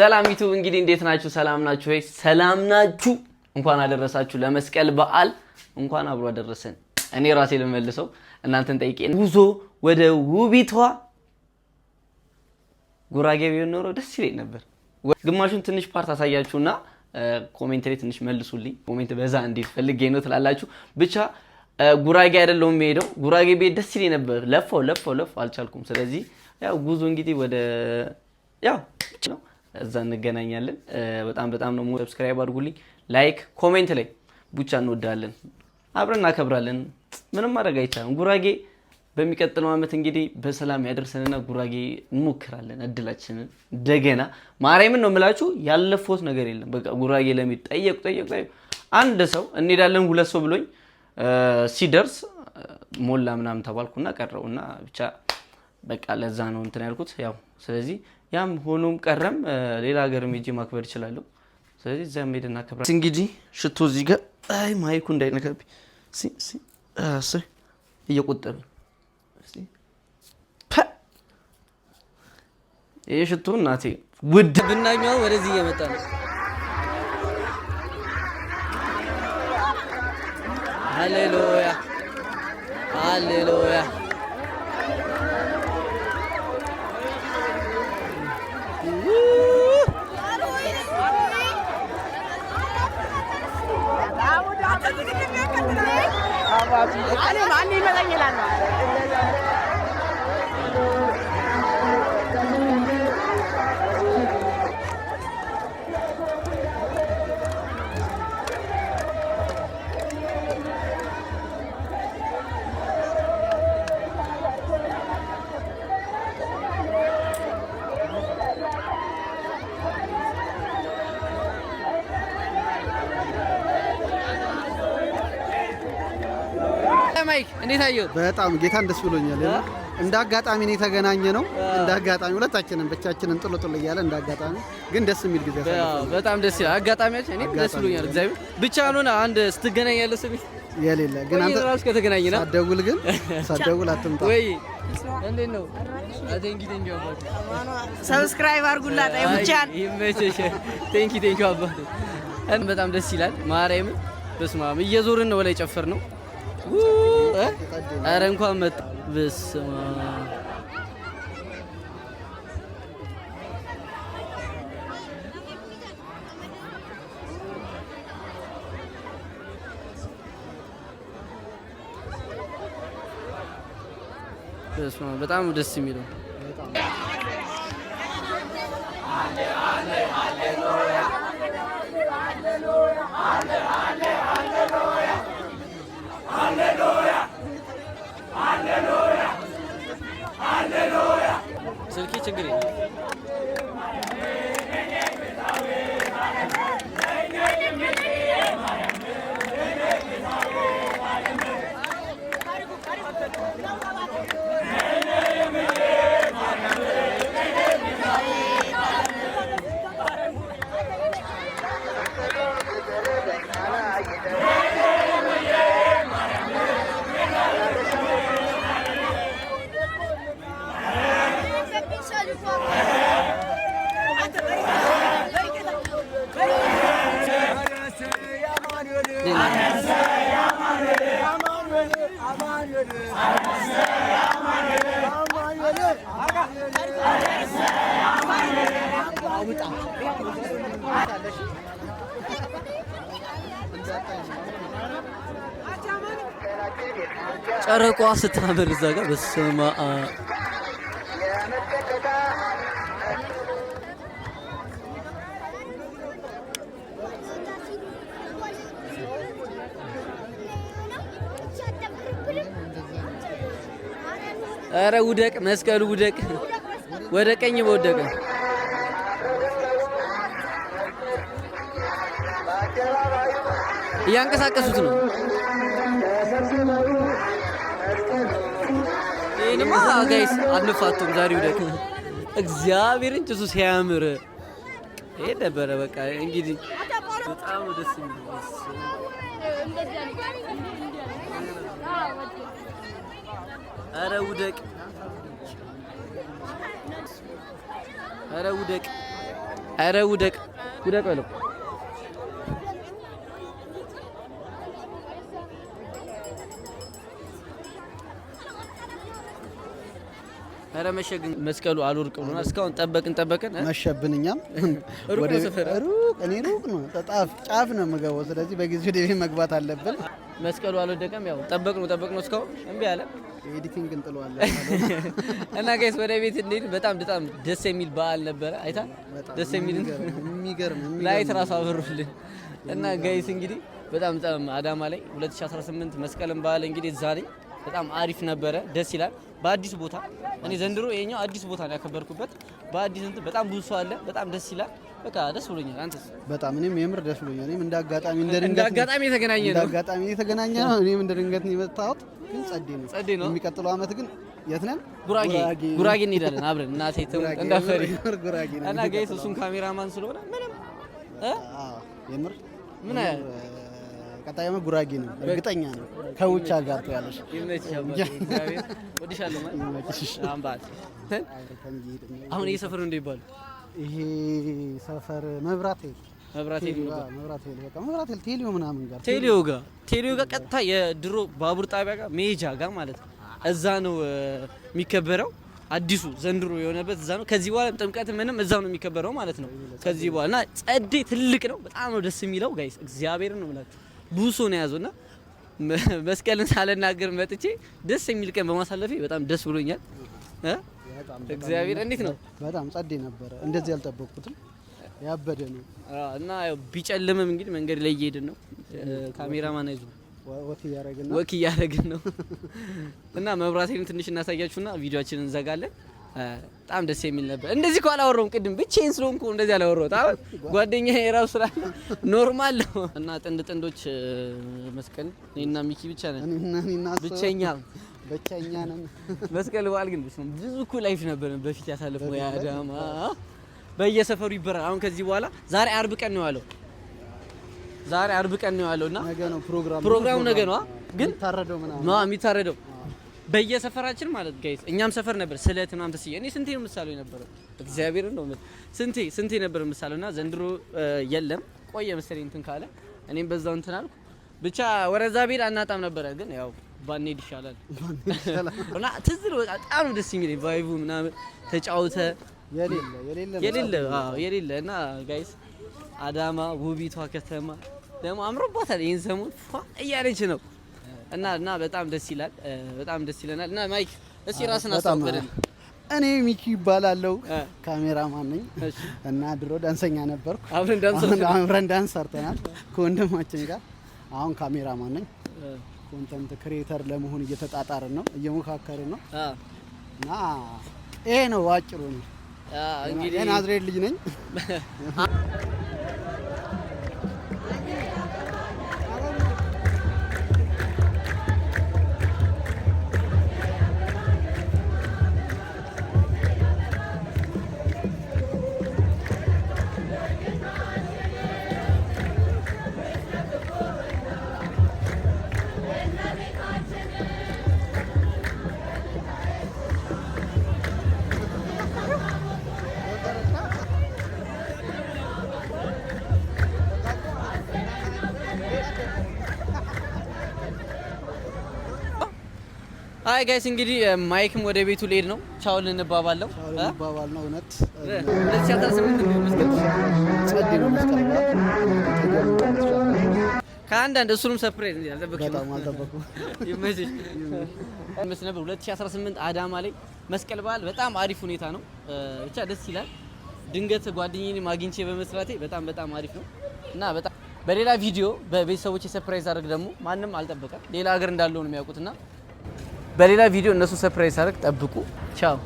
ሰላም ዩቱብ እንግዲህ እንዴት ናችሁ? ሰላም ናችሁ ወይ? ሰላም ናችሁ? እንኳን አደረሳችሁ ለመስቀል በዓል እንኳን አብሮ አደረሰን። እኔ ራሴ ልመልሰው እናንተን ጠይቄ ጉዞ ወደ ውቢቷ ጉራጌ ቢሆን ኖሮ ደስ ይለኝ ነበር። ግማሹን ትንሽ ፓርት አሳያችሁና ኮሜንት ላይ ትንሽ መልሱልኝ። ኮሜንት በዛ እንዴት ፈልጌ ነው ትላላችሁ። ብቻ ጉራጌ አይደለሁም የሄደው ጉራጌ ቤት ደስ ይለኝ ነበር። ለፋው ለፋው ለፋው አልቻልኩም። ስለዚህ ያው ጉዞ እንግዲህ ወደ ያው ነው እዛ እንገናኛለን። በጣም በጣም ነው። ሰብስክራይብ አድርጉልኝ፣ ላይክ፣ ኮሜንት ላይ ቡቻ እንወዳለን፣ አብረን እናከብራለን። ምንም ማድረግ አይቻልም። ጉራጌ በሚቀጥለው ዓመት እንግዲህ በሰላም ያደርሰንና ጉራጌ እንሞክራለን እድላችንን እንደገና። ማርያምን ነው የምላችሁ፣ ያለፈት ነገር የለም። በቃ ጉራጌ ለሚጠየቁ ጠየቁ ጠየቁ ጠየቁ። አንድ ሰው እንሄዳለን ሁለት ሰው ብሎኝ ሲደርስ ሞላ ምናምን ተባልኩና ቀረውና ብቻ በቃ ለዛ ነው እንትን ያልኩት ያው። ስለዚህ ያም ሆኖም ቀረም ሌላ ሀገር ሚጂ ማክበር ይችላለሁ ስለዚህ እዚያ ሄድ እናከብራ። እንግዲህ ሽቶ እዚህ ጋር አይ ማይኩ እንዳይነከብ እየቆጠበ ይህ ሽቶ እናቴ ውድ ብናኛ ወደዚህ እየመጣ ነው። ሃሌሉያ ሃሌሉያ ማይክ እንዴት አየሁት? በጣም ጌታ ደስ ብሎኛል። እንደ አጋጣሚ ነው የተገናኘ ነው። እንደ አጋጣሚ ሁለታችንን ብቻችንን ጥሎ ጥሎ እያለ እንደ አጋጣሚ ግን ደስ የሚል ጊዜ በጣም ደስ ይላል። አጋጣሚያችን እኔ ደስ ብሎኛል። እግዚአብሔር ብቻ ሆነ አንድ ስትገናኝ ያለ ስሜት የሌለ ግን አንተ ራስህ ከተገናኘና ሳትደውል ግን ሳትደውል አትምጣ ወይ እንዴት ነው? ቴንኪ ቴንኪ አባቴ ሰብስክራይብ አድርጉላት። አይ ብቻን ይመችሽ። ቴንኪ ቴንኪ አባቴ እን በጣም ደስ ይላል። ማርያም በስመ አብ እየዞርን ነው ላይ ጨፈር ነው ኧረ እንኳን መጣ። በጣም ደስ የሚለው গ্রিন ጨረቋ ስታምር እዛ ጋር በስማ አረ ውደቅ መስቀሉ ውደቅ፣ ወደ ቀኝ በወደቀ እያንቀሳቀሱት ነው። እኔማ ጋይስ አልነፋቶም ዛሬ ሁለት እግዚአብሔርን ጭሱ ሲያምር ይሄ ነበረ። በቃ እንግዲህ በጣም ደስ ኧረ ውደቅ፣ ኧረ ውደቅ፣ ኧረ ውደቅ፣ ውደቅ በለው ኧረ መሸ ግን መስቀሉ አልወርቅ ብሎና እስካሁን ጠበቅን ጠበቅን መሸብን። እኛም ሩቅ እኔ ሩቅ ነው ጣፍ ጫፍ ነው የምገባው። ስለዚህ በጊዜ ወደ ቤት መግባት አለብን። መስቀሉ አልወደቀም። ያው ጠበቅ ነው ጠበቅ ነው እስካሁን እምቢ አለ። ኤዲቲንግ እንጥለዋለን እና ጋይስ ወደ ቤት እንሄድ። በጣም በጣም ደስ የሚል በዓል ነበረ። አይታ ደስ የሚል የሚገርም ላይት ራሱ አበሩልን እና ጋይስ እንግዲህ በጣም በጣም አዳማ ላይ 2018 መስቀልን በዓል እንግዲህ ዛሬ በጣም አሪፍ ነበረ። ደስ ይላል። በአዲስ ቦታ እኔ ዘንድሮ ይሄኛው አዲስ ቦታ ነው ያከበርኩበት። በአዲስ እንትን በጣም ብዙ ሰው አለ። በጣም ደስ ይላል። በቃ ደስ ብሎኛል። አንተስ? በጣም እኔም የምር ደስ ብሎኛል። እኔም እንደ አጋጣሚ እንደ ድንገት እንደ አጋጣሚ የተገናኘ ነው እንደ አጋጣሚ የተገናኘ ነው። እኔም እንደ ድንገት ነው የመጣሁት፣ ግን ጸዴ ነው ጸዴ ነው። የሚቀጥለው አመት ግን የት ነን? ጉራጌ ጉራጌ እንሄዳለን አብረን እና ሴትም እንዳፈሪ ጉራጌ እና ጋይስ እሱን ካሜራማን ስለሆነ ምንም እ የምር ምን ቀጣይ ጉራጌ ነው፣ እርግጠኛ ነው። ከውጭ ሀገር ያለሽ አሁን ይሄ ሰፈር እንደ ይባሉ ይሄ ሰፈር መብራት መብራት ቴሌዮ ምናምን ጋር ቴሌዮ ጋር ቴሌዮ ጋር ቀጥታ የድሮ ባቡር ጣቢያ ጋር መሄጃ ጋር ማለት ነው። እዛ ነው የሚከበረው። አዲሱ ዘንድሮ የሆነበት እዛ ነው። ከዚህ በኋላ ጥምቀት ምንም እዛ ነው የሚከበረው ማለት ነው። ከዚህ በኋላ እና ጸዴ ትልቅ ነው። በጣም ነው ደስ የሚለው ጋይስ፣ እግዚአብሔር ነው የምላችሁ። ብዙ ነው የያዘው እና መስቀልን ሳልናገር መጥቼ ደስ የሚል ቀን በማሳለፌ በጣም ደስ ብሎኛል። እግዚአብሔር እንዴት ነው? በጣም ጸዴ ነበረ። እንደዚህ ያልጠበቅኩትም ያበደ ነው እና ያው ቢጨልምም እንግዲህ መንገድ ላይ እየሄድን ነው። ካሜራማን አይዞ ወክ እያደረግን ነው እና መብራቴን ትንሽ እናሳያችሁና ቪዲዮችንን እንዘጋለን። በጣም ደስ የሚል ነበር። እንደዚህ እኮ አላወራሁም ቅድም ብቻዬን ስለሆንኩ እንደዚህ አላወራሁት። አሁን ጓደኛዬ የራሱ ስላለ ኖርማል ነው። እና ጥንድ ጥንዶች መስቀል እኔና ሚኪ ብቻ ነን። ብቸኛ ብቸኛ ነን። መስቀል በዓል ግን ብዙ እኮ ላይፍ ነበር በፊት ያሳለፍነው የአዳማ በየሰፈሩ ይበራል። አሁን ከዚህ በኋላ ዛሬ አርብ ቀን ነው ያለው ዛሬ አርብ ቀን ነው ያለው እና ነው ፕሮግራሙ ነገ ነው ግን የሚታረደው በየሰፈራችን ማለት ጋይስ እኛም ሰፈር ነበር ስለት ምናምን ተስዬ እኔ ስንቴ ነው ምሳሌው የነበረው እግዚአብሔር ነው ስንቴ ስንቴ ነበር ምሳሌውና ዘንድሮ የለም ቆየ መሰለኝ እንትን ካለ እኔም በዛው እንትን አልኩ ብቻ ወረዛ ቤል አናጣም ነበረ ግን ያው ባንሄድ ይሻላል እና ትዝ ነው በጣም ደስ የሚል ቫይቡ ምናምን ተጫውተ የሌለ የሌለ እና ጋይስ አዳማ ውቢቷ ከተማ ደግሞ አምሮባታል ይህን ሰሞን እያለች ነው እና እና በጣም ደስ ይላል። በጣም ደስ ይለናል። እና ማይክ እስኪ ራስን አስተዋውቀን። እኔ ሚኪ ይባላለሁ፣ ካሜራማን ነኝ እና ድሮ ዳንሰኛ ነበርኩ። አብረን ዳንስ ሰርተናል ከወንድማችን ጋር። አሁን ካሜራማን ነኝ። ኮንተንት ክሬተር ለመሆን እየተጣጣርን ነው፣ እየሞካከርን ነው እና ይሄ ነው ባጭሩ። ነው እንግዲህ ናዝሬት ልጅ ነኝ። አይ ጋይስ እንግዲህ ማይክም ወደ ቤቱ ልሄድ ነው። ቻው ልንባባለው ልንባባል ነው። እውነት ከአንዳንድ እሱንም ሰፕሬዝ ይመስል ነበር። 2018 አዳማ ላይ መስቀል በዓል በጣም አሪፍ ሁኔታ ነው። ብቻ ደስ ይላል። ድንገት ጓደኝን አግኝቼ በመስራቴ በጣም በጣም አሪፍ ነው እና በጣም በሌላ ቪዲዮ በቤተሰቦች የሰፕራይዝ አድርግ ደግሞ ማንም አልጠበቀም። ሌላ ሀገር እንዳለው ነው የሚያውቁትና በሌላ ቪዲዮ እነሱን ሰርፕራይዝ አድርግ። ጠብቁ። ቻው